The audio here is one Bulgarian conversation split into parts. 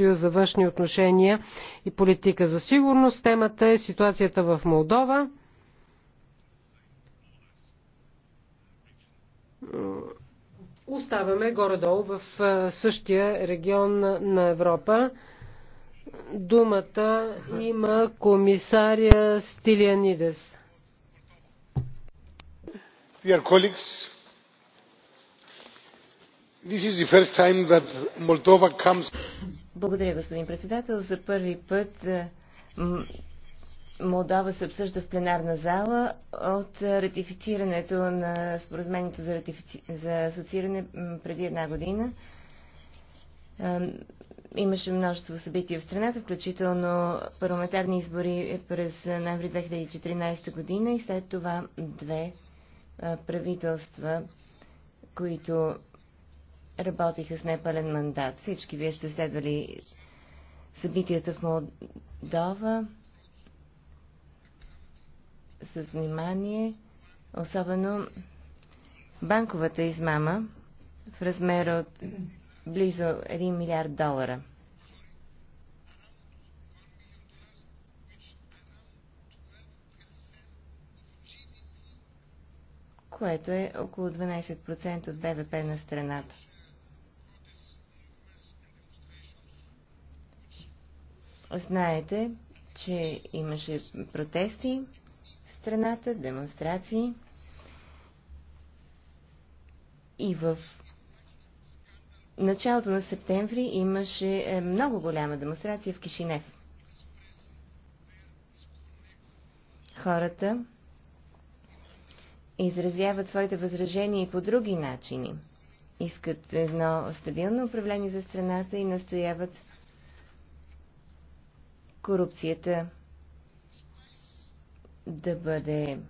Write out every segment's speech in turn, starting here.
съюз за външни отношения и политика за сигурност. Темата е ситуацията в Молдова. Оставаме горе-долу в същия регион на Европа. Думата има комисаря Стилианидес. Dear colleagues, благодаря, господин председател. За първи път е, Молдова се обсъжда в пленарна зала от ратифицирането на споразумението за, ратифици... за асоцииране преди една година. Е, имаше множество събития в страната, включително парламентарни избори през ноември 2014 година и след това две е, правителства, които работиха с непълен мандат. Всички вие сте следвали събитията в Молдова с внимание, особено банковата измама в размер от близо 1 милиард долара. което е около 12% от БВП на страната. Знаете, че имаше протести в страната, демонстрации и в началото на септември имаше е, много голяма демонстрация в Кишинев. Хората изразяват своите възражения и по други начини. Искат едно стабилно управление за страната и настояват корупцията да бъде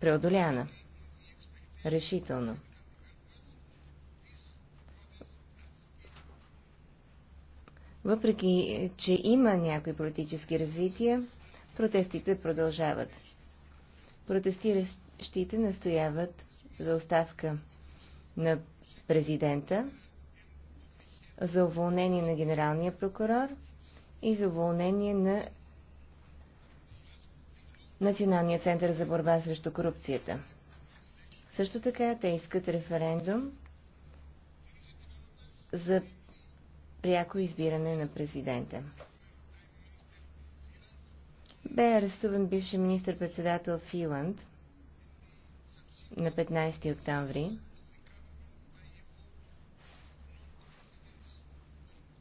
преодоляна решително. Въпреки, че има някои политически развития, протестите продължават. Протестиращите настояват за оставка на президента, за уволнение на генералния прокурор и за уволнение на Националния център за борба срещу корупцията. Също така те искат референдум за пряко избиране на президента. Бе арестуван бивши министр-председател Филанд на 15 октомври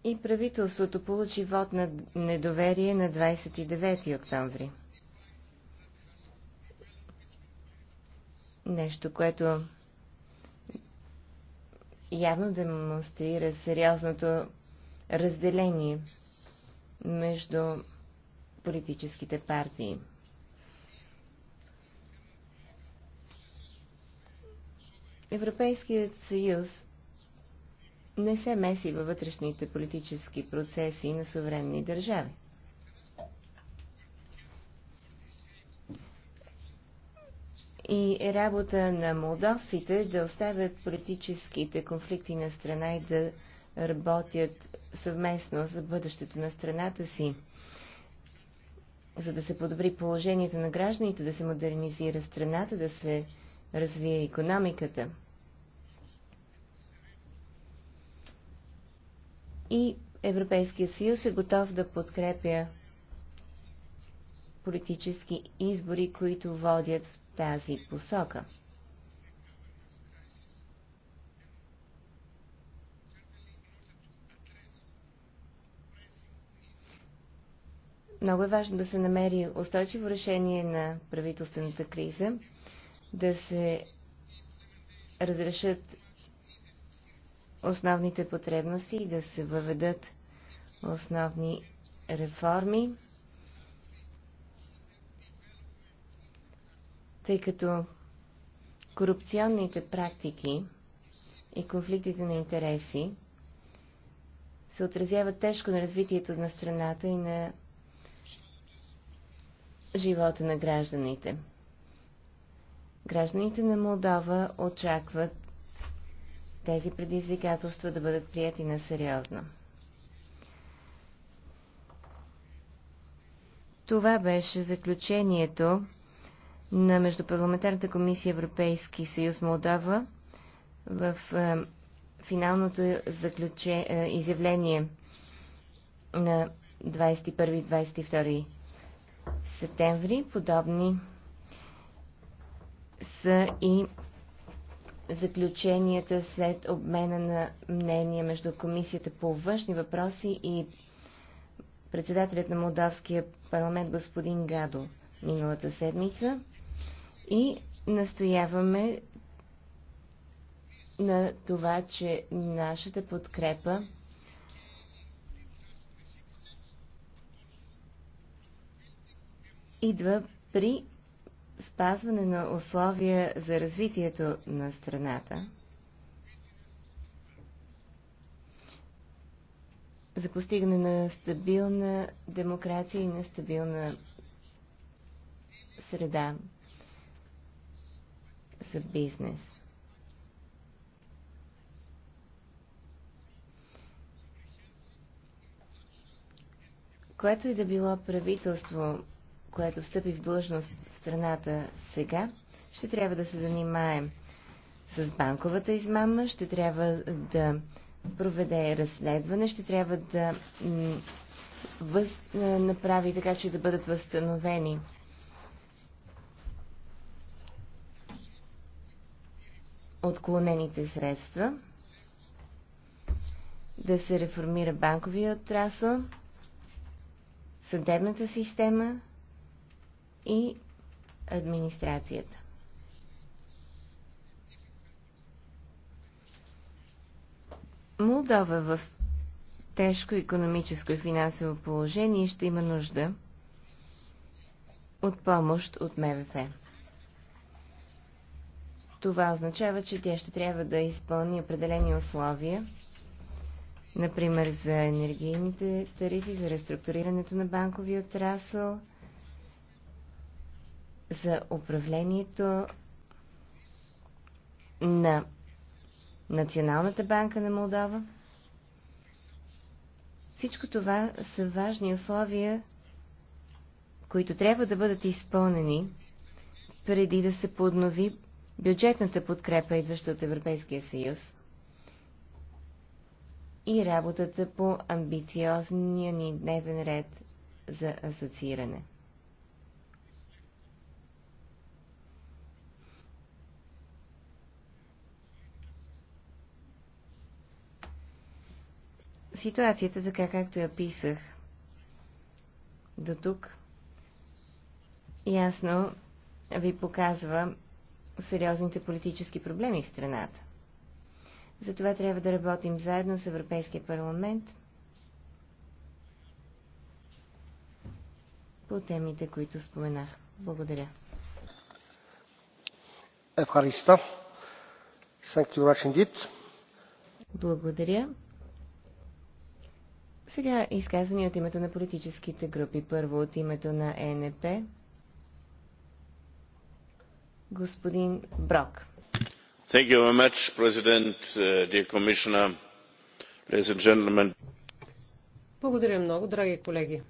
и правителството получи вод на недоверие на 29 октомври. Нещо, което явно демонстрира сериозното разделение между политическите партии. Европейският съюз не се меси във вътрешните политически процеси на суверенни държави. И работа на молдовците да оставят политическите конфликти на страна и да работят съвместно за бъдещето на страната си, за да се подобри положението на гражданите, да се модернизира страната, да се развие економиката. и Европейския съюз е готов да подкрепя политически избори, които водят в тази посока. Много е важно да се намери устойчиво решение на правителствената криза, да се разрешат основните потребности и да се въведат основни реформи, тъй като корупционните практики и конфликтите на интереси се отразяват тежко на развитието на страната и на живота на гражданите. Гражданите на Молдова очакват тези предизвикателства да бъдат прияти на сериозно. Това беше заключението на Междупарламентарната комисия Европейски съюз Молдова в е, финалното заключе, е, изявление на 21-22 септември. Подобни са и заключенията след обмена на мнения между Комисията по външни въпроси и председателят на Молдавския парламент господин Гадо миналата седмица и настояваме на това, че нашата подкрепа идва при спазване на условия за развитието на страната, за постигане на стабилна демокрация и на стабилна среда за бизнес. Което и да било правителство която встъпи в длъжност в страната сега, ще трябва да се занимаем с банковата измама, ще трябва да проведе разследване, ще трябва да въз... Е, направи така, че да бъдат възстановени отклонените средства, да се реформира банковия отрасъл, съдебната система, и администрацията. Молдова в тежко економическо и финансово положение ще има нужда от помощ от МВФ. Това означава, че тя ще трябва да изпълни определени условия, например за енергийните тарифи, за реструктурирането на банковия отрасъл – за управлението на Националната банка на Молдова. Всичко това са важни условия, които трябва да бъдат изпълнени преди да се поднови бюджетната подкрепа, идваща от Европейския съюз и работата по амбициозния ни дневен ред за асоцииране. ситуацията така, както я писах до тук, ясно ви показва сериозните политически проблеми в страната. Затова трябва да работим заедно с Европейския парламент по темите, които споменах. Благодаря. Евхариста. Благодаря. Сега изказвания от името на политическите групи. Първо от името на ЕНП. Господин Брок. Thank you very much, President, uh, dear Commissioner, ladies and gentlemen. Благодаря много, драги колеги.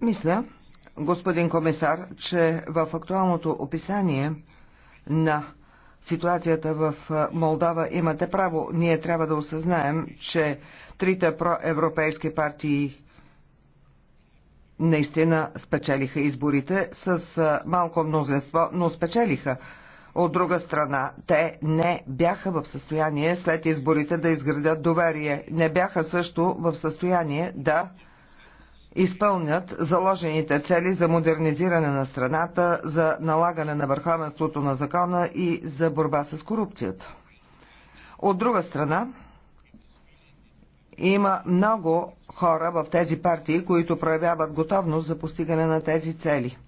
Мисля, господин комисар, че в актуалното описание на ситуацията в Молдова, имате право. Ние трябва да осъзнаем, че трите проевропейски партии наистина спечелиха изборите с малко мнозинство, но спечелиха. От друга страна, те не бяха в състояние след изборите да изградят доверие. Не бяха също в състояние да изпълнят заложените цели за модернизиране на страната, за налагане на върховенството на закона и за борба с корупцията. От друга страна, има много хора в тези партии, които проявяват готовност за постигане на тези цели.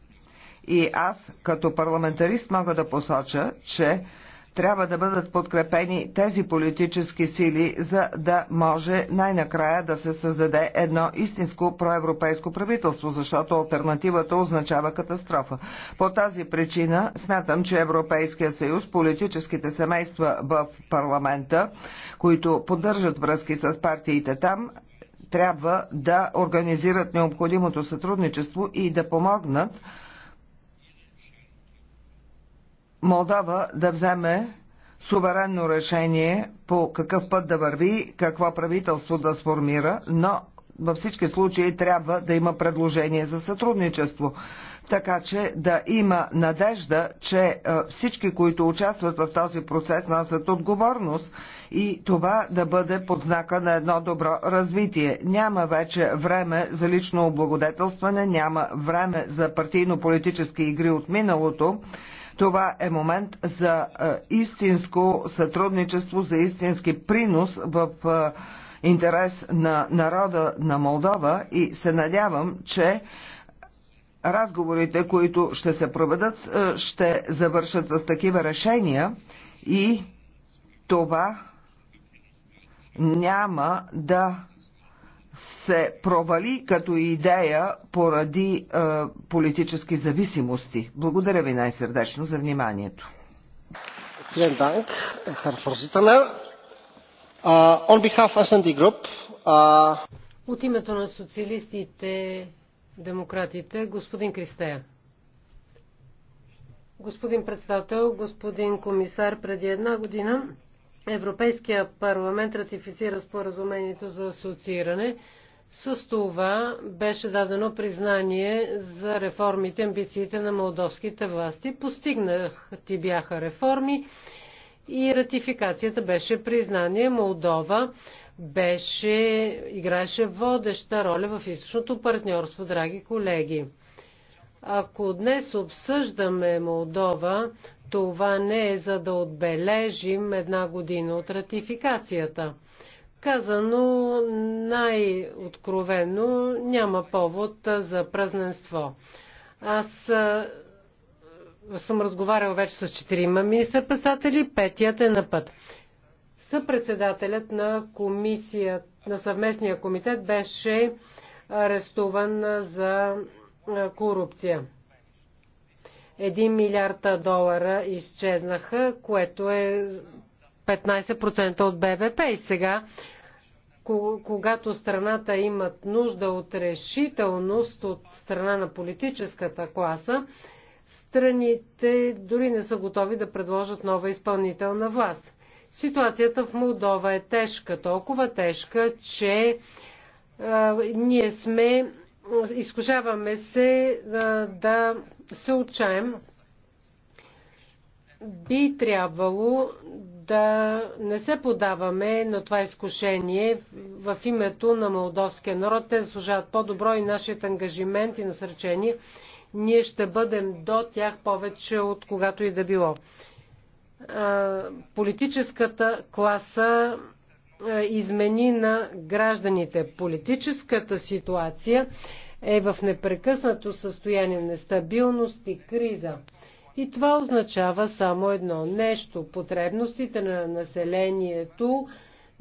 И аз, като парламентарист, мога да посоча, че трябва да бъдат подкрепени тези политически сили, за да може най-накрая да се създаде едно истинско проевропейско правителство, защото альтернативата означава катастрофа. По тази причина смятам, че Европейския съюз, политическите семейства в парламента, които поддържат връзки с партиите там, трябва да организират необходимото сътрудничество и да помогнат Молдова да вземе суверенно решение по какъв път да върви, какво правителство да сформира, но във всички случаи трябва да има предложение за сътрудничество. Така че да има надежда, че всички, които участват в този процес, носят отговорност и това да бъде под знака на едно добро развитие. Няма вече време за лично облагодетелстване, няма време за партийно-политически игри от миналото това е момент за е, истинско сътрудничество, за истински принос в е, интерес на народа на Молдова и се надявам, че разговорите, които ще се проведат, е, ще завършат с такива решения и това няма да се провали като идея поради е, политически зависимости. Благодаря ви най-сърдечно за вниманието. От името на социалистите демократите, господин Кристея. Господин председател, господин комисар, преди една година Европейския парламент ратифицира споразумението за асоцииране. С това беше дадено признание за реформите, амбициите на молдовските власти. Постигнах ти бяха реформи и ратификацията беше признание. Молдова беше, играеше водеща роля в източното партньорство, драги колеги. Ако днес обсъждаме Молдова, това не е за да отбележим една година от ратификацията. Казано най-откровено, няма повод за празненство. Аз съм разговарял вече с четирима министър-председатели, петият е на път. Съпредседателят на комисия, на съвместния комитет беше арестуван за корупция. Един милиард долара изчезнаха, което е 15% от БВП. И сега, когато страната имат нужда от решителност от страна на политическата класа, страните дори не са готови да предложат нова изпълнителна власт. Ситуацията в Молдова е тежка, толкова тежка, че а, ние сме, изкушаваме се а, да се отчаем. Би трябвало да не се подаваме на това изкушение в името на молдовския народ. Те заслужават по-добро и нашият ангажимент и насърчение. Ние ще бъдем до тях повече от когато и да било. Политическата класа измени на гражданите. Политическата ситуация е в непрекъснато състояние на нестабилност и криза. И това означава само едно нещо. Потребностите на населението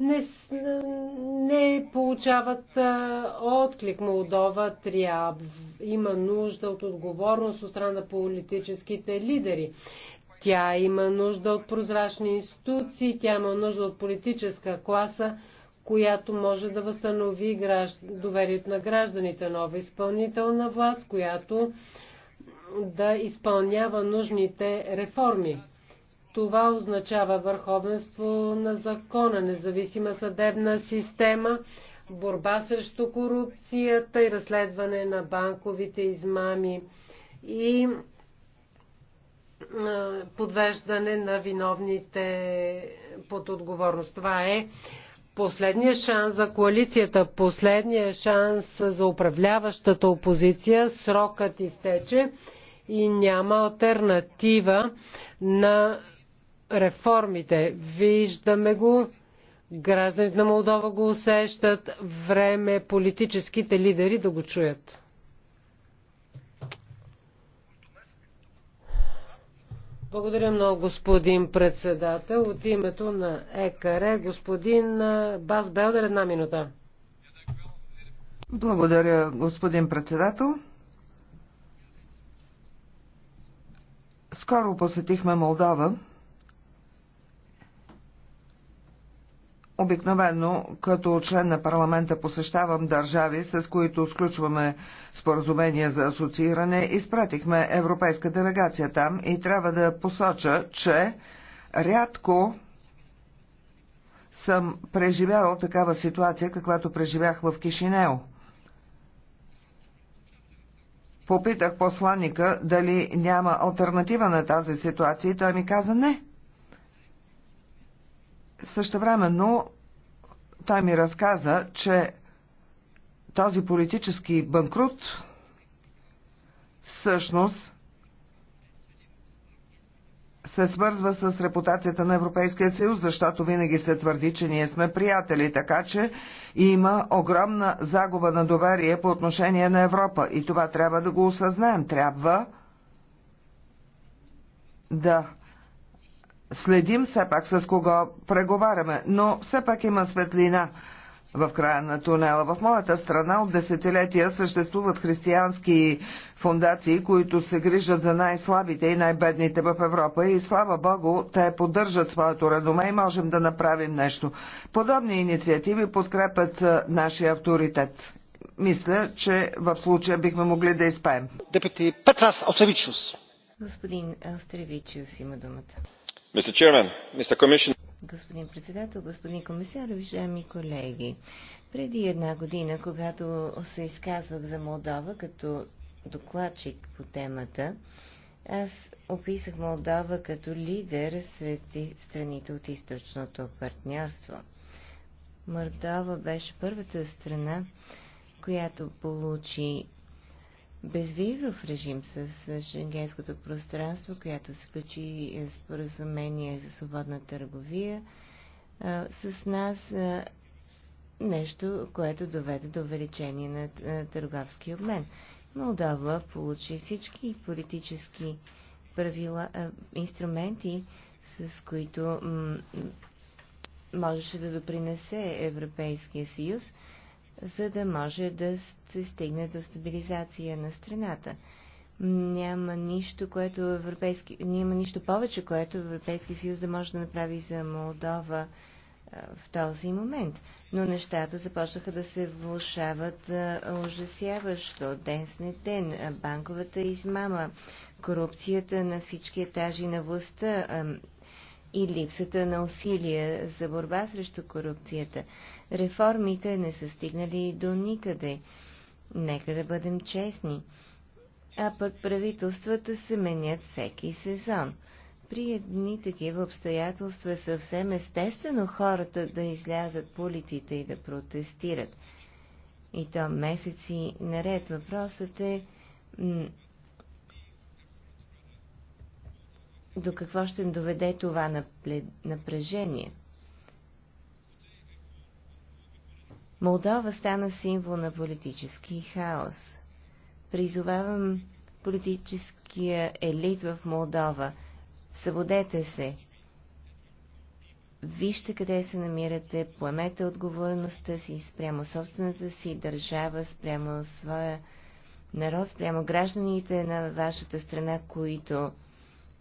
не, не получават а, отклик. Молдова трябва, има нужда от отговорност от страна на политическите лидери. Тя има нужда от прозрачни институции, тя има нужда от политическа класа, която може да възстанови гражд... доверието на гражданите, нова изпълнителна власт, която да изпълнява нужните реформи. Това означава върховенство на закона, независима съдебна система, борба срещу корупцията и разследване на банковите измами и подвеждане на виновните под отговорност. Това е последния шанс за коалицията, последния шанс за управляващата опозиция. Срокът изтече и няма альтернатива на реформите. Виждаме го. Гражданите на Молдова го усещат. Време е политическите лидери да го чуят. Благодаря много, господин председател. От името на ЕКР, господин Бас Белдер, една минута. Благодаря, господин председател. Скоро посетихме Молдова. Обикновено, като член на парламента посещавам държави, с които сключваме споразумения за асоцииране, изпратихме европейска делегация там и трябва да посоча, че рядко съм преживявал такава ситуация, каквато преживях в Кишинео. Попитах посланника дали няма альтернатива на тази ситуация и той ми каза не. Също Същевременно той ми разказа, че този политически банкрут всъщност се свързва с репутацията на Европейския съюз, защото винаги се твърди, че ние сме приятели, така че има огромна загуба на доверие по отношение на Европа и това трябва да го осъзнаем. Трябва да следим все пак с кого преговаряме, но все пак има светлина в края на тунела. В моята страна от десетилетия съществуват християнски фундации, които се грижат за най-слабите и най-бедните в Европа и слава Богу, те поддържат своето редоме и можем да направим нещо. Подобни инициативи подкрепят нашия авторитет. Мисля, че в случая бихме могли да изпаем. Депути Петрас Остревичус. Господин Остревичус има думата. Мистер Чермен, мистер Commissioner. Господин председател, господин комисар, уважаеми колеги. Преди една година, когато се изказвах за Молдова като докладчик по темата, аз описах Молдова като лидер сред страните от източното партньорство. Молдова беше първата страна, която получи безвизов режим с шенгенското пространство, която сключи споразумение за свободна търговия с нас нещо, което доведе до увеличение на търговски обмен. Молдова получи всички политически правила, инструменти, с които можеше да допринесе Европейския съюз, за да може да се стигне до стабилизация на страната. Няма нищо, което европейски, няма нищо повече, което Европейския съюз да може да направи за Молдова в този момент. Но нещата започнаха да се влушават ужасяващо. Ден не ден. Банковата измама, корупцията на всички етажи на властта и липсата на усилия за борба срещу корупцията. Реформите не са стигнали до никъде. Нека да бъдем честни. А пък правителствата се менят всеки сезон при едни такива обстоятелства е съвсем естествено хората да излязат по улиците и да протестират. И то месеци наред. Въпросът е до какво ще доведе това напрежение. Молдова стана символ на политически хаос. Призовавам политическия елит в Молдова – Събудете се. Вижте къде се намирате, поемете отговорността си спрямо собствената си държава, спрямо своя народ, спрямо гражданите на вашата страна, които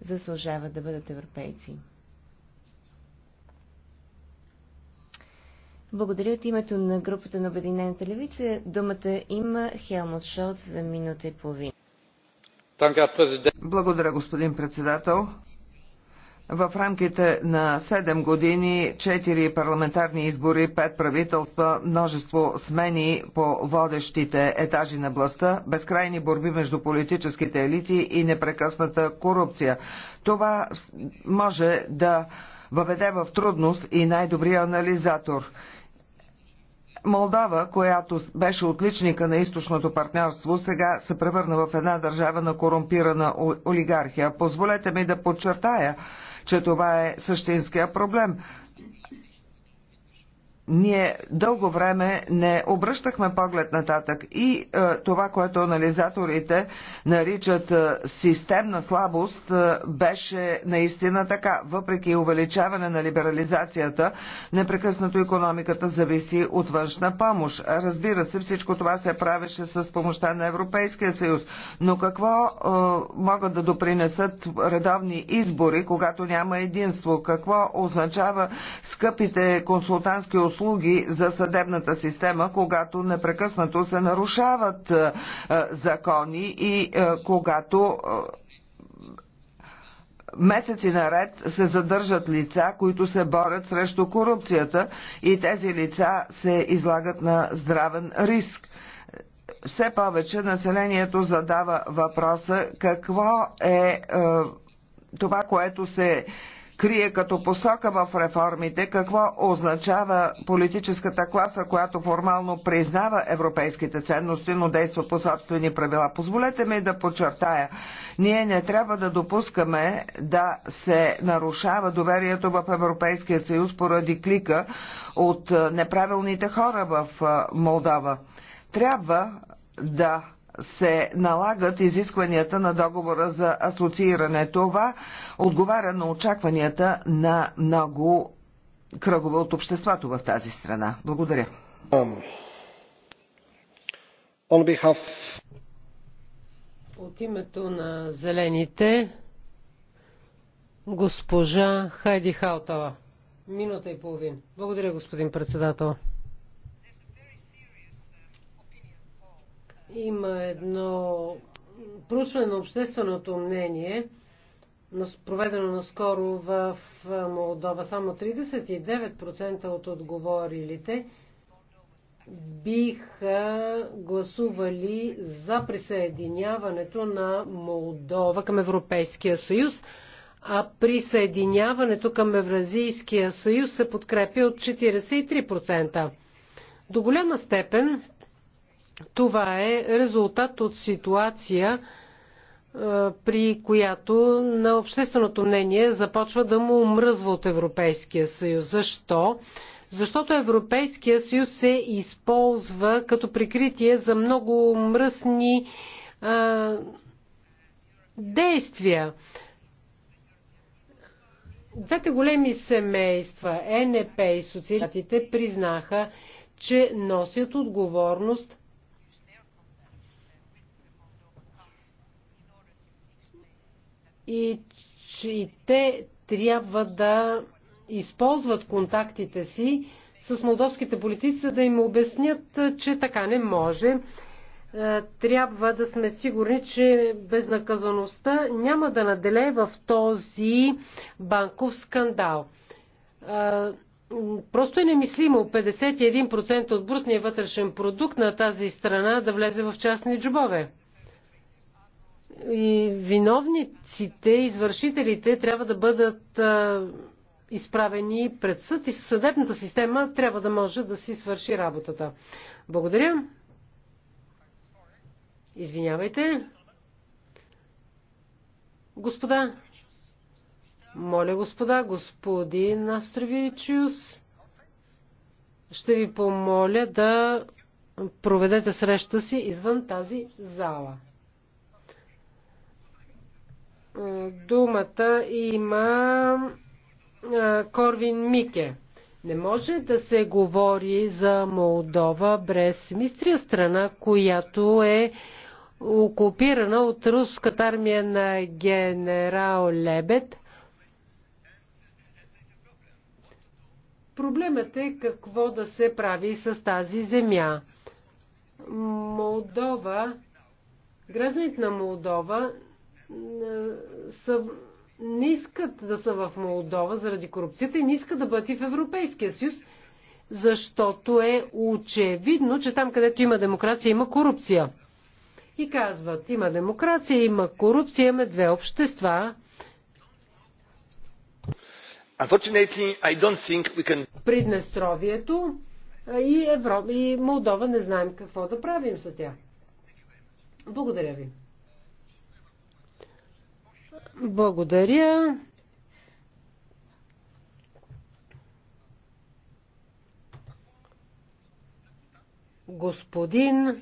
заслужават да бъдат европейци. Благодаря от името на групата на Обединената левица. Думата има Хелмут Шолц за минута и половина. Благодаря, господин председател в рамките на 7 години, 4 парламентарни избори, 5 правителства, множество смени по водещите етажи на властта, безкрайни борби между политическите елити и непрекъсната корупция. Това може да въведе в трудност и най-добрия анализатор. Молдава, която беше отличника на източното партньорство, сега се превърна в една държава на корумпирана олигархия. Позволете ми да подчертая, че това е същинския проблем ние дълго време не обръщахме поглед нататък и е, това, което анализаторите наричат е, системна слабост, е, беше наистина така. Въпреки увеличаване на либерализацията, непрекъснато економиката зависи от външна помощ. Разбира се, всичко това се правеше с помощта на Европейския съюз. Но какво е, могат да допринесат редовни избори, когато няма единство? Какво означава скъпите консултантски услуги? услуги за съдебната система, когато непрекъснато се нарушават е, закони и е, когато е, месеци наред се задържат лица, които се борят срещу корупцията и тези лица се излагат на здравен риск все повече населението задава въпроса какво е, е това, което се крие като посока в реформите, какво означава политическата класа, която формално признава европейските ценности, но действа по собствени правила. Позволете ми да подчертая, ние не трябва да допускаме да се нарушава доверието в Европейския съюз поради клика от неправилните хора в Молдова. Трябва да се налагат изискванията на договора за асоцииране. Това отговаря на очакванията на много кръгове от обществото в тази страна. Благодаря. Um, от името на зелените, госпожа Хайди Халтала. Минута и половин. Благодаря, господин председател. Има едно проучване на общественото мнение, проведено наскоро в Молдова. Само 39% от отговорилите биха гласували за присъединяването на Молдова към Европейския съюз, а присъединяването към Евразийския съюз се подкрепи от 43%. До голяма степен това е резултат от ситуация, е, при която на общественото мнение започва да му омръзва от Европейския съюз. Защо? Защото Европейския съюз се използва като прикритие за много мръсни а, е, действия. Двете големи семейства, ЕНП и социалистите, признаха, че носят отговорност и че те трябва да използват контактите си с молдовските политици, за да им обяснят, че така не може. Е, трябва да сме сигурни, че безнаказаността няма да наделее в този банков скандал. Е, просто е немислимо 51% от брутния вътрешен продукт на тази страна да влезе в частни джобове и виновниците, извършителите трябва да бъдат изправени пред съд и съдебната система трябва да може да си свърши работата. Благодаря. Извинявайте. Господа, моля господа, господин Астровичиус, ще ви помоля да проведете среща си извън тази зала. Е, думата има е, Корвин Мике. Не може да се говори за Молдова без мистрия страна, която е окупирана от руската армия на генерал Лебед. Проблемът е какво да се прави с тази земя. Молдова, гражданите на Молдова е, са, не искат да са в Молдова заради корупцията и не искат да бъдат и в Европейския съюз, защото е очевидно, че там, където има демокрация, има корупция. И казват, има демокрация, има корупция, имаме две общества. Приднестровието и Европа и Молдова не знаем какво да правим с тях. Благодаря ви. Благодаря. Господин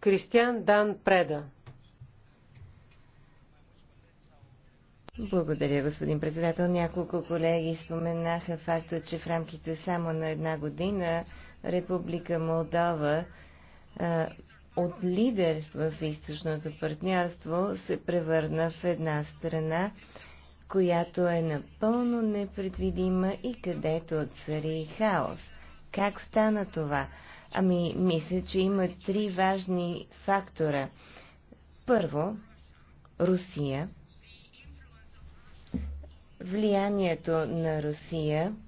Кристиан Дан Преда. Благодаря, господин председател. Няколко колеги споменаха факта, че в рамките само на една година Република Молдова от лидер в източното партньорство се превърна в една страна, която е напълно непредвидима и където цари хаос. Как стана това? Ами, мисля, че има три важни фактора. Първо, Русия. Влиянието на Русия –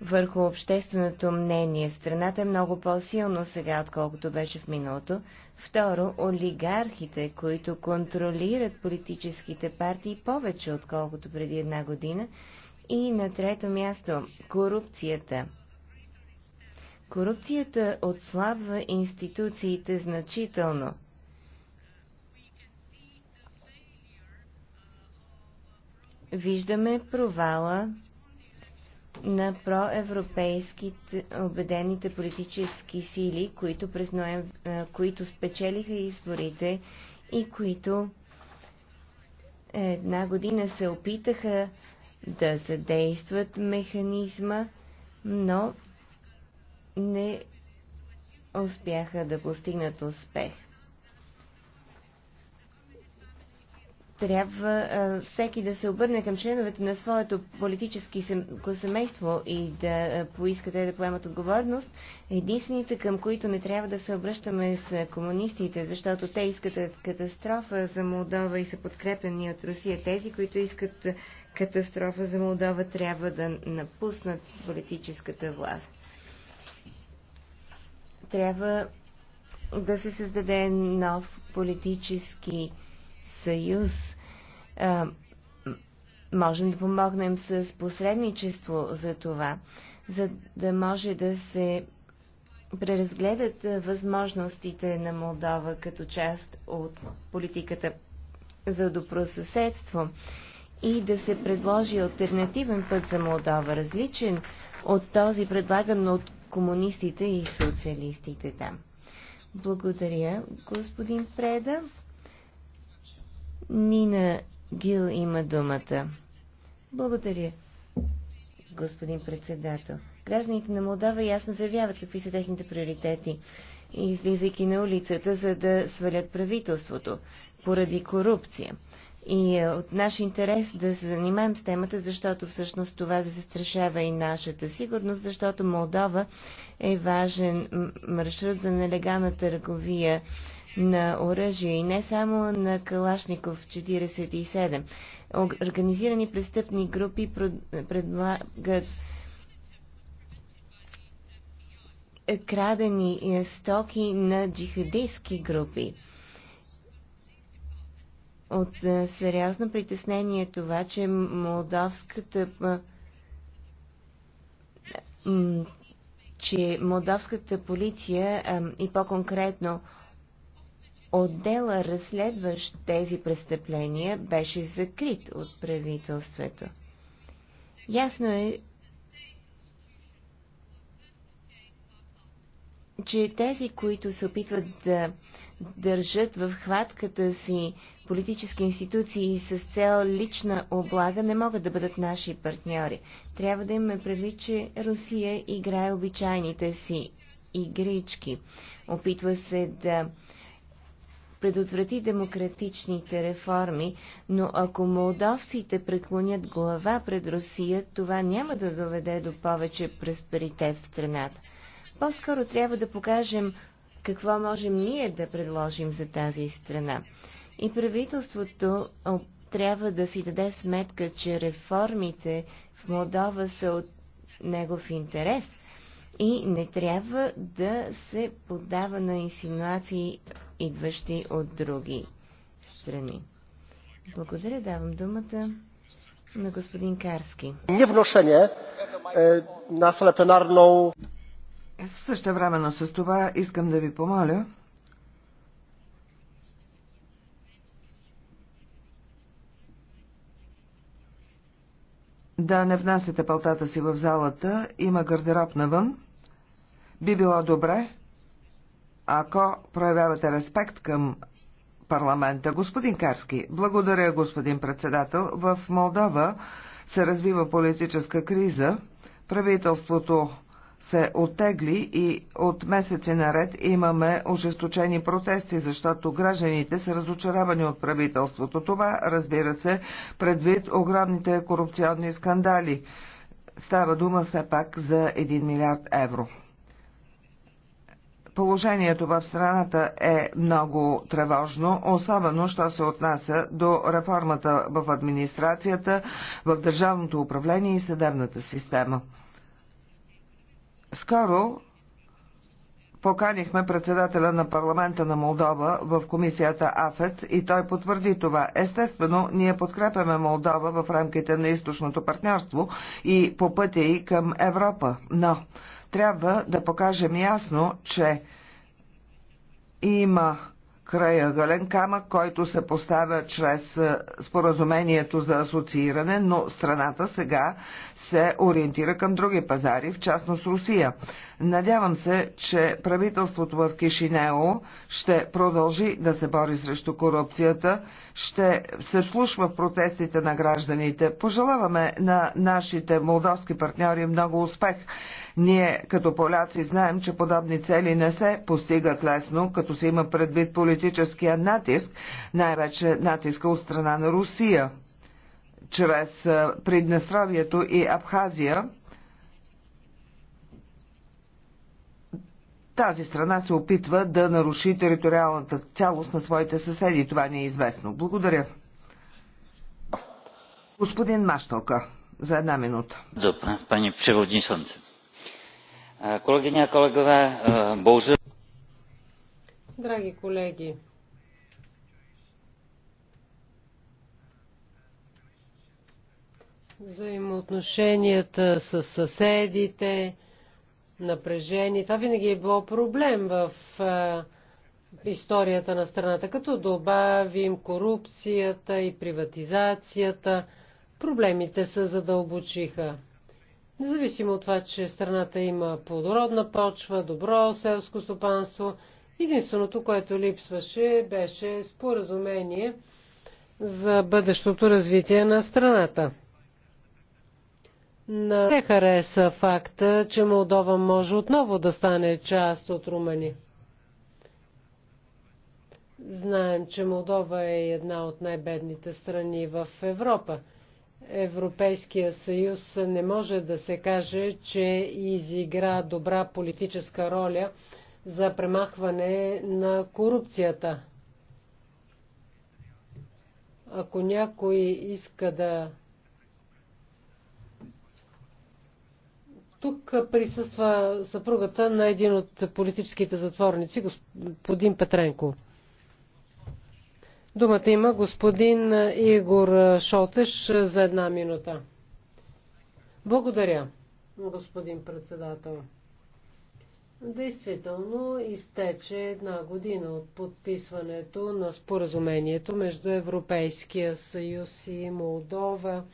върху общественото мнение. Страната е много по-силно сега, отколкото беше в миналото. Второ, олигархите, които контролират политическите партии повече, отколкото преди една година. И на трето място, корупцията. Корупцията отслабва институциите значително. Виждаме провала на проевропейските обедените политически сили, които, през ноември, които спечелиха изборите и които една година се опитаха да задействат механизма, но не успяха да постигнат успех. трябва а, всеки да се обърне към членовете на своето политически семейство и да поиска те да поемат отговорност. Единствените, към които не трябва да се обръщаме с комунистите, защото те искат катастрофа за Молдова и са подкрепени от Русия. Тези, които искат катастрофа за Молдова, трябва да напуснат политическата власт. Трябва да се създаде нов политически съюз. А, можем да помогнем с посредничество за това, за да може да се преразгледат възможностите на Молдова като част от политиката за добросъседство и да се предложи альтернативен път за Молдова, различен от този предлаган от комунистите и социалистите там. Благодаря, господин Преда. Нина Гил има думата. Благодаря, господин председател. Гражданите на Молдова ясно заявяват какви са техните приоритети, излизайки на улицата, за да свалят правителството поради корупция. И е от наш интерес да се занимаем с темата, защото всъщност това да се страшава и нашата сигурност, защото Молдова е важен маршрут за нелегална търговия на оръжие и не само на Калашников 47. Организирани престъпни групи предлагат е, крадени е, стоки на джихадистски групи. От е, сериозно притеснение това, че молдовската че молдовската полиция и по-конкретно отдела, разследващ тези престъпления, беше закрит от правителството. Ясно е, че тези, които се опитват да държат в хватката си политически институции с цел лична облага, не могат да бъдат наши партньори. Трябва да имаме прави, че Русия играе обичайните си игрички. Опитва се да предотврати демократичните реформи, но ако молдовците преклонят глава пред Русия, това няма да доведе до повече просперитет в страната. По-скоро трябва да покажем какво можем ние да предложим за тази страна. И правителството трябва да си даде сметка, че реформите в Молдова са от негов интерес и не трябва да се поддава на инсинуации идващи от други страни. Благодаря, давам думата на господин Карски. Не вношение е, на слепенарно... Също времено с това искам да ви помоля да не внасяте палтата си в залата, има гардероб навън. Би било добре ако проявявате респект към парламента. Господин Карски, благодаря, господин председател. В Молдова се развива политическа криза. Правителството се отегли и от месеци наред имаме ожесточени протести, защото гражданите са разочаровани от правителството. Това, разбира се, предвид огромните корупционни скандали. Става дума все пак за 1 милиард евро. Положението в страната е много тревожно, особено що се отнася до реформата в администрацията, в държавното управление и съдебната система. Скоро поканихме председателя на парламента на Молдова в комисията АФЕЦ и той потвърди това. Естествено, ние подкрепяме Молдова в рамките на източното партньорство и по пътя и към Европа. Но трябва да покажем ясно, че има края гален камък, който се поставя чрез е, споразумението за асоцииране, но страната сега се ориентира към други пазари, в частност Русия. Надявам се, че правителството в Кишинео ще продължи да се бори срещу корупцията, ще се слушва в протестите на гражданите. Пожелаваме на нашите молдовски партньори много успех. Ние като поляци знаем, че подобни цели не се постигат лесно, като се има предвид политическия натиск, най-вече натиска от страна на Русия, чрез Приднестровието и Абхазия. тази страна се опитва да наруши териториалната цялост на своите съседи. Това ни е известно. Благодаря. Господин Машталка, за една минута. Добре, пани преводни Kolegyně a kolegové, Драги колеги, взаимоотношенията с съседите, напрежение, това винаги е било проблем в историята на страната. Като добавим корупцията и приватизацията, проблемите се задълбочиха. Независимо от това, че страната има плодородна почва, добро селско стопанство, единственото, което липсваше, беше споразумение за бъдещото развитие на страната. не хареса факта, че Молдова може отново да стане част от Румъния. Знаем, че Молдова е една от най-бедните страни в Европа. Европейския съюз не може да се каже, че изигра добра политическа роля за премахване на корупцията. Ако някой иска да Тук присъства съпругата на един от политическите затворници, господин Петренко. Думата има господин Игор Шотеш за една минута. Благодаря, господин председател. Действително изтече една година от подписването на споразумението между Европейския съюз и Молдова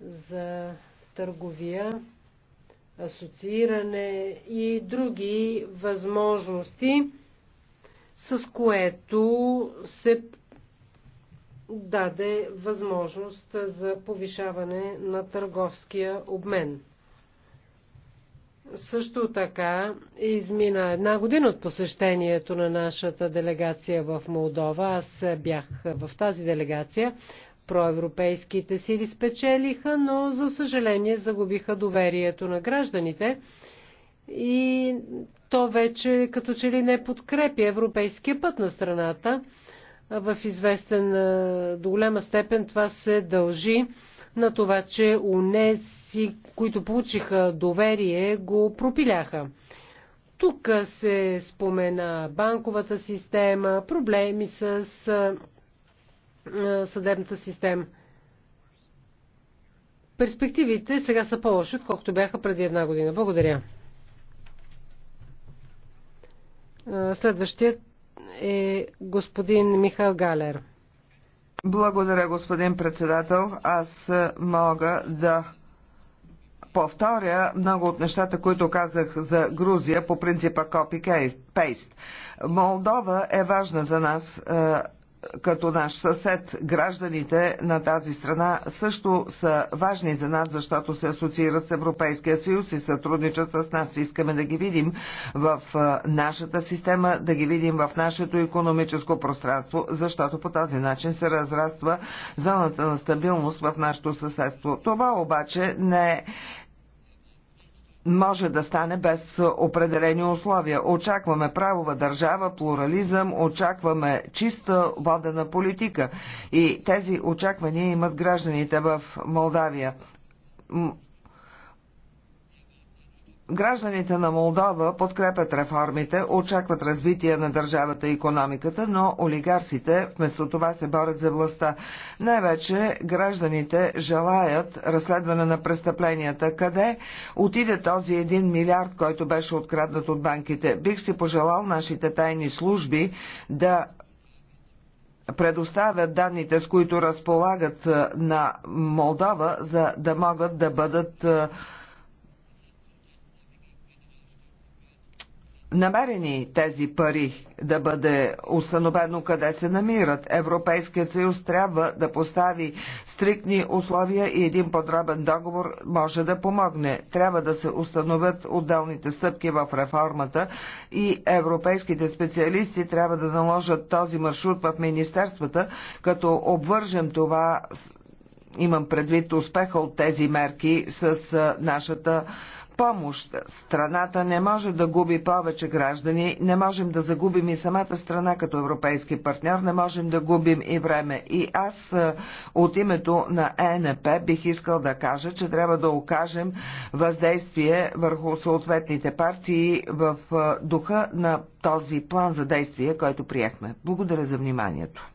за търговия, асоцииране и други възможности, с което се даде възможност за повишаване на търговския обмен. Също така измина една година от посещението на нашата делегация в Молдова. Аз бях в тази делегация. Проевропейските сили спечелиха, но за съжаление загубиха доверието на гражданите и то вече като че ли не подкрепи европейския път на страната в известен до голяма степен това се дължи на това, че унеси, които получиха доверие, го пропиляха. Тук се спомена банковата система, проблеми с съдебната система. Перспективите сега са по-лоши, отколкото бяха преди една година. Благодаря. Следващият е господин Михаил Галер. Благодаря, господин председател. Аз мога да повторя много от нещата, които казах за Грузия по принципа copy-paste. Молдова е важна за нас е, като наш съсед, гражданите на тази страна също са важни за нас, защото се асоциират с Европейския съюз и сътрудничат с нас. Искаме да ги видим в нашата система, да ги видим в нашето економическо пространство, защото по този начин се разраства зоната на стабилност в нашето съседство. Това обаче не е може да стане без определени условия. Очакваме правова държава, плурализъм, очакваме чиста водена политика. И тези очаквания имат гражданите в Молдавия. Гражданите на Молдова подкрепят реформите, очакват развитие на държавата и економиката, но олигарсите вместо това се борят за властта. Най-вече гражданите желаят разследване на престъпленията. Къде отиде този един милиард, който беше откраднат от банките? Бих си пожелал нашите тайни служби да предоставят данните, с които разполагат на Молдова, за да могат да бъдат намерени тези пари, да бъде установено къде се намират. Европейският съюз трябва да постави стриктни условия и един подробен договор може да помогне. Трябва да се установят отделните стъпки в реформата и европейските специалисти трябва да наложат този маршрут в министерствата, като обвържем това, имам предвид успеха от тези мерки с нашата помощ. Страната не може да губи повече граждани, не можем да загубим и самата страна като европейски партньор, не можем да губим и време. И аз от името на ЕНП бих искал да кажа, че трябва да окажем въздействие върху съответните партии в духа на този план за действие, който приехме. Благодаря за вниманието.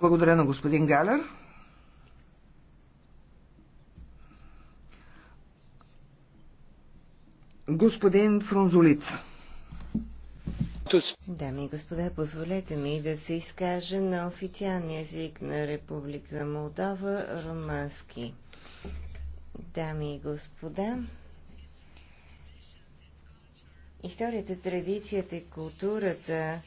Благодаря на господин Галер. Господин Фрунзолица. Дами и господа, позволете ми да се изкажа на официалния език на Република Молдова, румънски. Дами и господа, историята, традицията и културата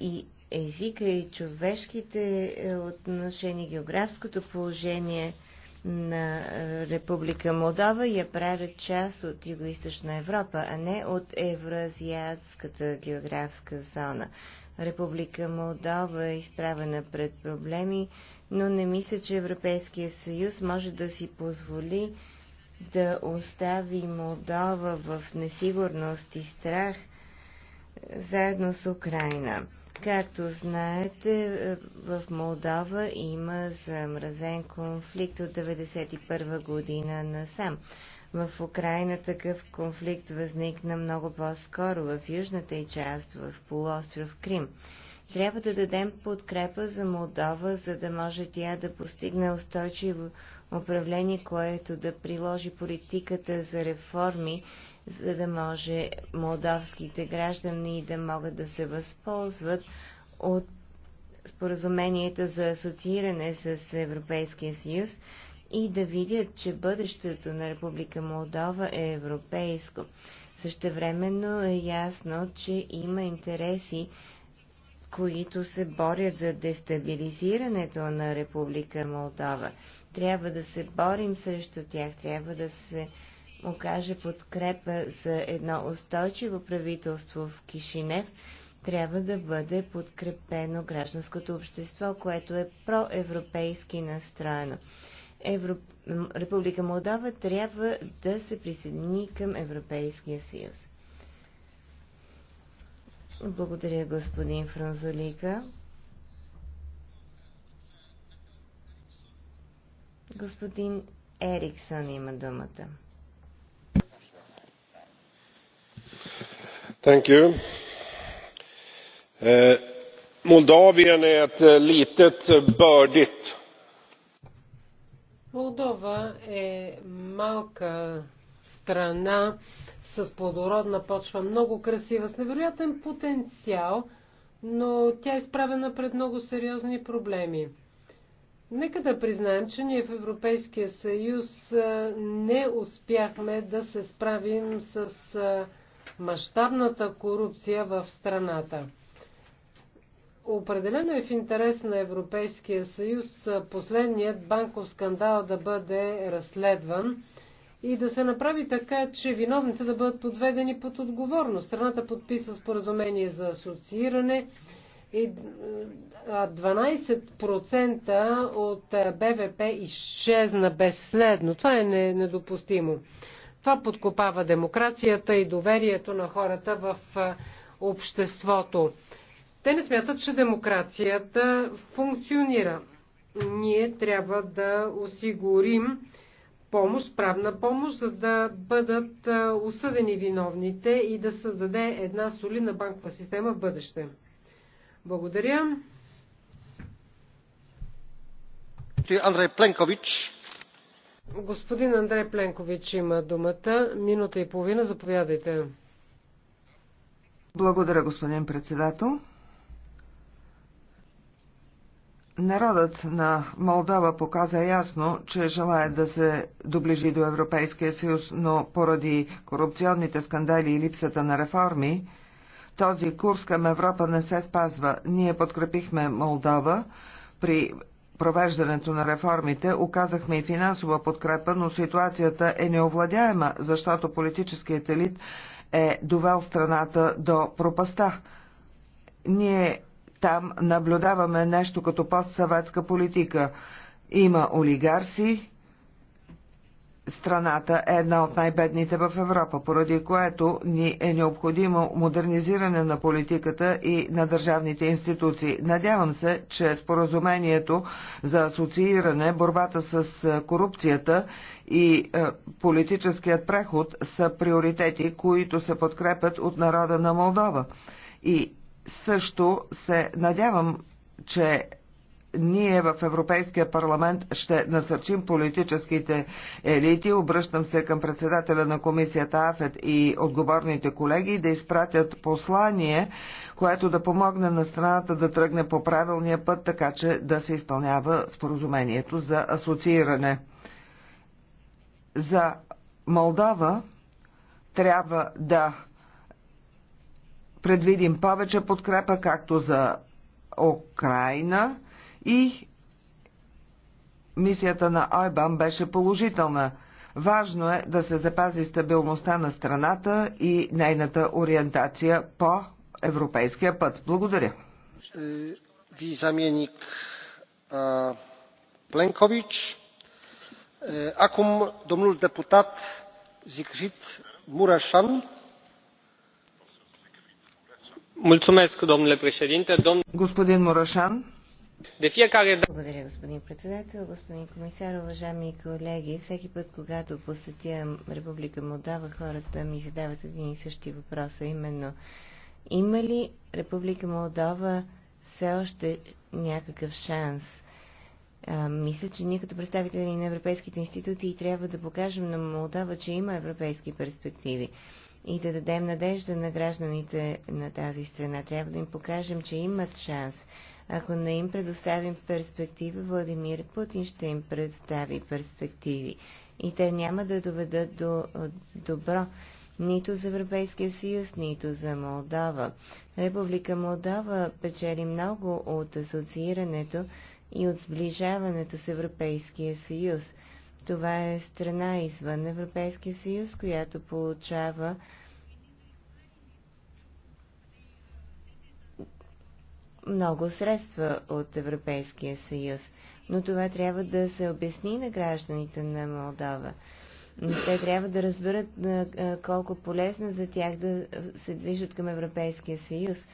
и езика и човешките отношения, географското положение – на е, Република Молдова я правят част от Юго-Источна Европа, а не от Евроазиатската географска зона. Република Молдова е изправена пред проблеми, но не мисля, че Европейския съюз може да си позволи да остави Молдова в несигурност и страх заедно с Украина. Както знаете, в Молдова има замразен конфликт от 1991 година насам. В Украина такъв конфликт възникна много по-скоро в южната и част, в полуостров Крим. Трябва да дадем подкрепа за Молдова, за да може тя да постигне устойчиво управление, което да приложи политиката за реформи за да може молдовските граждани да могат да се възползват от споразумението за асоцииране с Европейския съюз и да видят, че бъдещето на Република Молдова е европейско. Същевременно е ясно, че има интереси, които се борят за дестабилизирането на Република Молдова. Трябва да се борим срещу тях, трябва да се окаже подкрепа за едно устойчиво правителство в Кишинев, трябва да бъде подкрепено гражданското общество, което е проевропейски настроено. Евро... Република Молдова трябва да се присъедини към Европейския съюз. Благодаря, господин Франзолика. Господин Ериксон има думата. Eh, moldavien är ett eh, litet eh, bördigt Молдова е малка страна с плодородна почва, много красива, с невероятен потенциал, но тя е изправена пред много сериозни проблеми. Нека да признаем, че ние в Европейския съюз е, не успяхме да се справим с е, мащабната корупция в страната. Определено е в интерес на Европейския съюз последният банков скандал да бъде разследван и да се направи така, че виновните да бъдат подведени под отговорност. Страната подписа споразумение за асоцииране и 12% от БВП изчезна безследно. Това е недопустимо. Това подкопава демокрацията и доверието на хората в обществото. Те не смятат, че демокрацията функционира. Ние трябва да осигурим помощ, правна помощ, за да бъдат осъдени виновните и да създаде една солидна банкова система в бъдеще. Благодаря. Андрей Пленкович. Господин Андрей Пленкович има думата. Минута и половина, заповядайте. Благодаря, господин председател. Народът на Молдова показа ясно, че желая да се доближи до Европейския съюз, но поради корупционните скандали и липсата на реформи, този курс към Европа не се спазва. Ние подкрепихме Молдова при провеждането на реформите оказахме и финансова подкрепа, но ситуацията е неовладяема, защото политическият елит е довел страната до пропаста. Ние там наблюдаваме нещо като постсъветска политика. Има олигарси, страната е една от най-бедните в Европа, поради което ни е необходимо модернизиране на политиката и на държавните институции. Надявам се, че споразумението за асоцииране, борбата с е, корупцията и е, политическият преход са приоритети, които се подкрепят от народа на Молдова. И също се надявам, че ние в Европейския парламент ще насърчим политическите елити. Обръщам се към председателя на комисията АФЕД и отговорните колеги да изпратят послание, което да помогне на страната да тръгне по правилния път, така че да се изпълнява споразумението за асоцииране. За Молдава трябва да предвидим повече подкрепа както за Украина, и мисията на Ойбан беше положителна. Важно е да се запази стабилността на страната и нейната ориентация по европейския път. Благодаря. Е, ви заменик Пленкович. Е, акум домнул депутат Зикрит Мурашан. Mulțumesc, domnule președinte. Domn... Господин Мурашан. Благодаря, господин председател, господин комисар, уважаеми колеги. Всеки път, когато посетя Република Молдава, хората ми задават един и същи въпрос, а именно има ли Република Молдова все още някакъв шанс? А, мисля, че ние като представители на европейските институции трябва да покажем на Молдова, че има европейски перспективи и да дадем надежда на гражданите на тази страна. Трябва да им покажем, че имат шанс ако не им предоставим перспектива, Владимир Путин ще им представи перспективи. И те няма да доведат до добро нито за Европейския съюз, нито за Молдова. Република Молдова печели много от асоциирането и от сближаването с Европейския съюз. Това е страна извън Европейския съюз, която получава много средства от Европейския съюз. Но това трябва да се обясни на гражданите на Молдова. Те трябва да разберат колко полезно за тях да се движат към Европейския съюз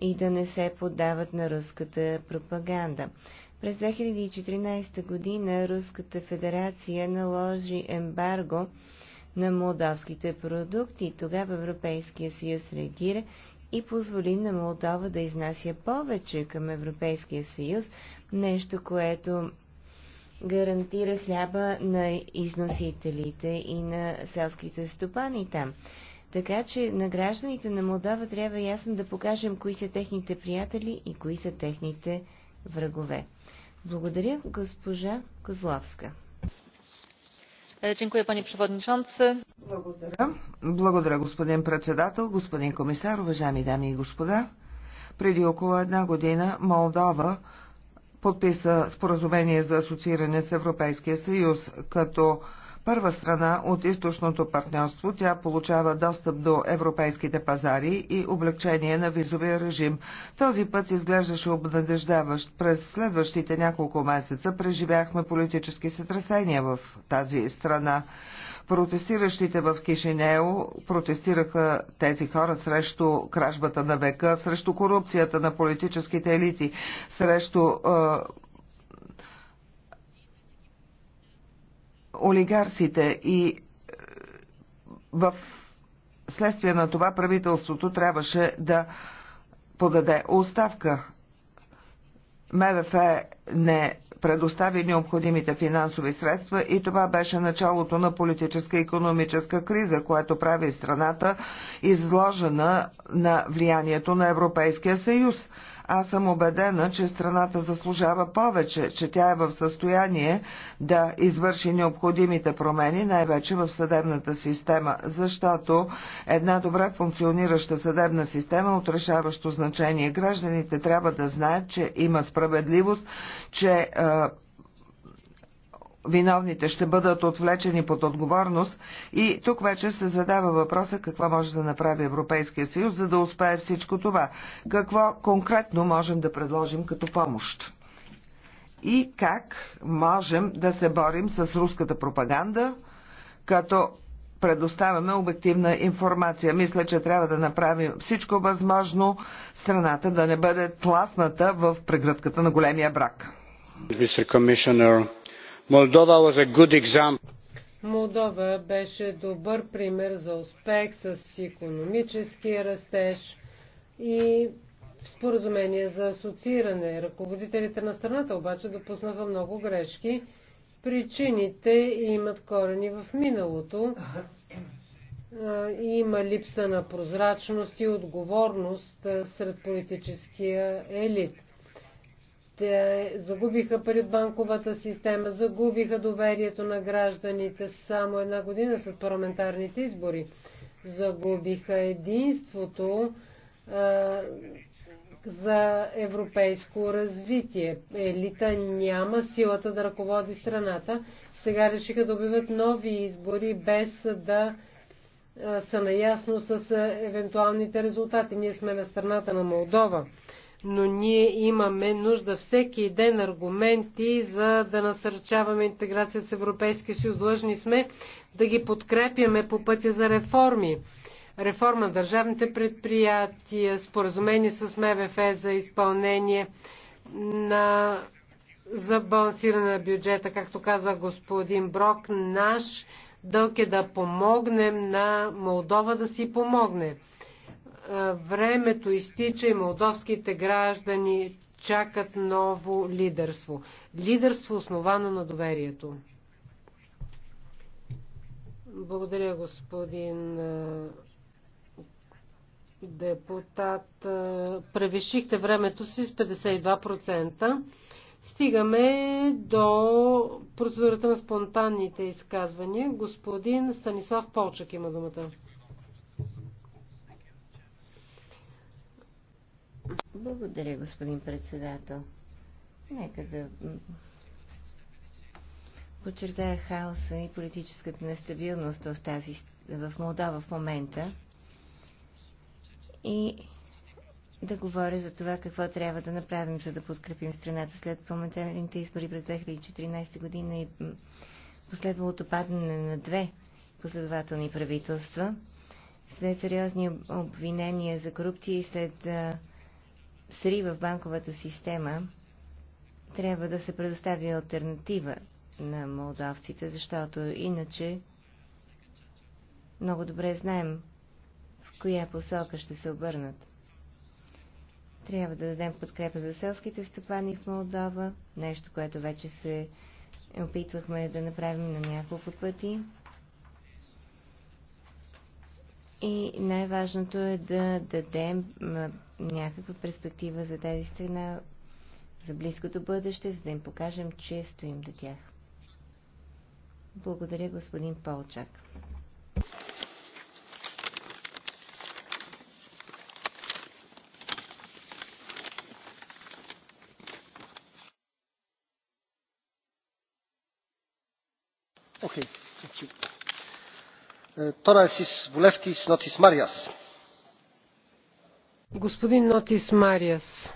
и да не се поддават на руската пропаганда. През 2014 година Руската федерация наложи ембарго на молдовските продукти. Тогава Европейския съюз реагира и позволи на Молдова да изнася повече към Европейския съюз, нещо, което гарантира хляба на износителите и на селските стопани там. Така че на гражданите на Молдова трябва ясно да покажем кои са техните приятели и кои са техните врагове. Благодаря, госпожа Козловска. E, Благодаря. Благодаря, господин председател, господин комисар, уважаеми дами и господа. Преди около една година Молдова подписа споразумение за асоцииране с Европейския съюз, като първа страна от източното партньорство. Тя получава достъп до европейските пазари и облегчение на визовия режим. Този път изглеждаше обнадеждаващ. През следващите няколко месеца преживяхме политически сътресения в тази страна. Протестиращите в Кишинео протестираха тези хора срещу кражбата на века, срещу корупцията на политическите елити, срещу е, олигарсите и е, в следствие на това правителството трябваше да подаде оставка. МВФ не предостави необходимите финансови средства и това беше началото на политическа и економическа криза, което прави страната изложена на влиянието на Европейския съюз. Аз съм убедена, че страната заслужава повече, че тя е в състояние да извърши необходимите промени, най-вече в съдебната система, защото една добре функционираща съдебна система от решаващо значение. Гражданите трябва да знаят, че има справедливост, че виновните ще бъдат отвлечени под отговорност и тук вече се задава въпроса какво може да направи Европейския съюз, за да успее всичко това. Какво конкретно можем да предложим като помощ? И как можем да се борим с руската пропаганда, като предоставяме обективна информация. Мисля, че трябва да направим всичко възможно страната да не бъде тласната в прегръдката на големия брак. Молдова беше добър пример за успех с економически растеж и споразумение за асоцииране. Ръководителите на страната обаче допуснаха много грешки. Причините имат корени в миналото. Има липса на прозрачност и отговорност сред политическия елит. Те загубиха пари от банковата система, загубиха доверието на гражданите само една година след парламентарните избори. Загубиха единството а, за европейско развитие. Елита няма силата да ръководи страната. Сега решиха да обявят нови избори без да са наясно с евентуалните резултати. Ние сме на страната на Молдова но ние имаме нужда всеки ден аргументи, за да насърчаваме интеграция с Европейския съюз. Длъжни сме да ги подкрепяме по пътя за реформи. Реформа на държавните предприятия, споразумение с МВФ за изпълнение на за балансиране на бюджета, както каза господин Брок, наш дълг е да помогнем на Молдова да си помогне времето изтича и молдовските граждани чакат ново лидерство. Лидерство основано на доверието. Благодаря, господин депутат. Превишихте времето си с 52%. Стигаме до процедурата на спонтанните изказвания. Господин Станислав Полчък има думата. Благодаря, господин председател. Нека да подчертая хаоса и политическата нестабилност в, тази, в Молдова в момента и да говоря за това какво трябва да направим, за да подкрепим страната след парламентарните избори през 2014 година и последвалото падане на две последователни правителства, след сериозни обвинения за корупция и след Сри в банковата система, трябва да се предостави альтернатива на молдовците, защото иначе много добре знаем в коя посока ще се обърнат. Трябва да дадем подкрепа за селските стопани в Молдова, нещо, което вече се опитвахме да направим на няколко пъти. И най-важното е да дадем някаква перспектива за тази страна, за близкото бъдеще, за да им покажем, че стоим до тях. Благодаря, господин Полчак. Okay, thank you. Uh, Torasis not Notis Marias. Господин Нотис Мариас.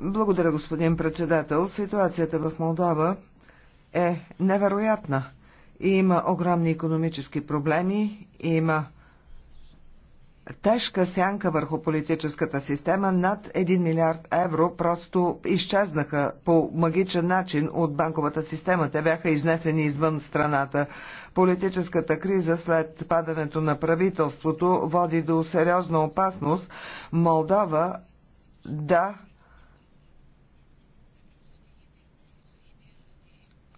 Благодаря, господин председател. Ситуацията в Молдова е невероятна. Има огромни економически проблеми, има тежка сянка върху политическата система. Над 1 милиард евро просто изчезнаха по магичен начин от банковата система. Те бяха изнесени извън страната. Политическата криза след падането на правителството води до сериозна опасност Молдова да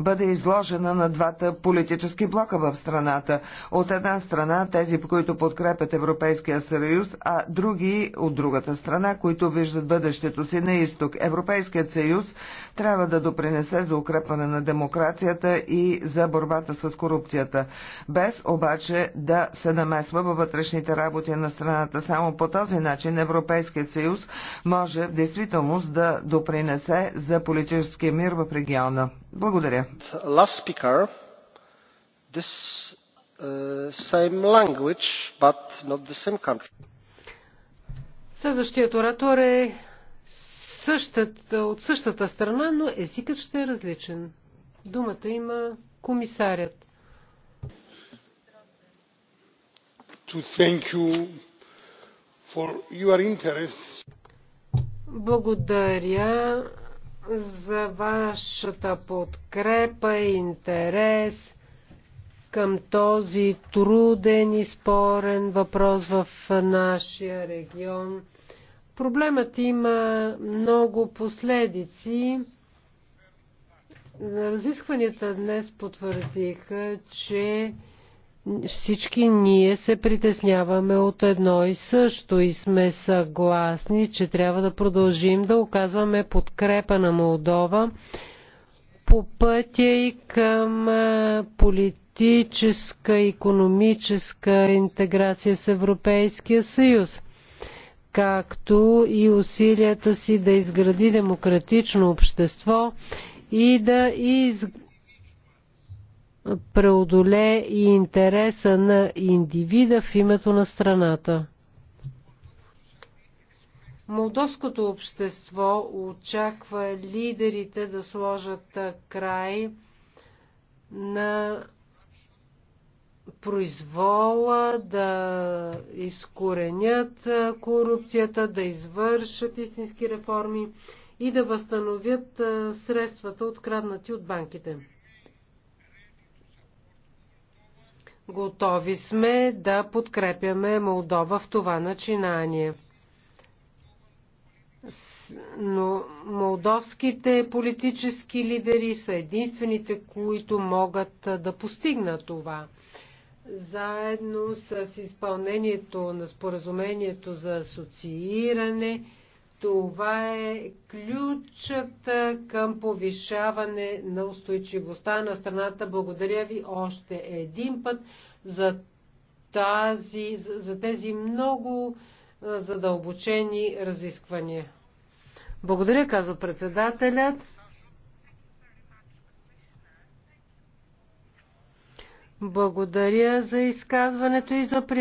бъде изложена на двата политически блока в страната. От една страна тези, които подкрепят Европейския съюз, а други от другата страна, които виждат бъдещето си на изток. Европейският съюз трябва да допринесе за укрепване на демокрацията и за борбата с корупцията, без обаче да се намесва във вътрешните работи на страната. Само по този начин Европейският съюз може в действителност да допринесе за политическия мир в региона. Благодаря. Last speaker, this uh, same language, but not the same country. Следващият оратор е същата, от същата страна, но езикът ще е различен. Думата има комисарят. To thank you for your interest. Благодаря за вашата подкрепа и интерес към този труден и спорен въпрос в нашия регион. Проблемът има много последици. Разискванията днес потвърдиха, че всички ние се притесняваме от едно и също и сме съгласни, че трябва да продължим да оказваме подкрепа на Молдова по пътя и към е, политическа, економическа интеграция с Европейския съюз, както и усилията си да изгради демократично общество и да изгради преодолее и интереса на индивида в името на страната. Молдовското общество очаква лидерите да сложат край на произвола, да изкоренят корупцията, да извършат истински реформи и да възстановят средствата, откраднати от банките. Готови сме да подкрепяме Молдова в това начинание. Но молдовските политически лидери са единствените, които могат да постигнат това. Заедно с изпълнението на споразумението за асоцииране, това е ключът към повишаване на устойчивостта на страната. Благодаря ви още един път за, тази, за тези много задълбочени разисквания. Благодаря, казва председателят. Благодаря за изказването и за присъствието.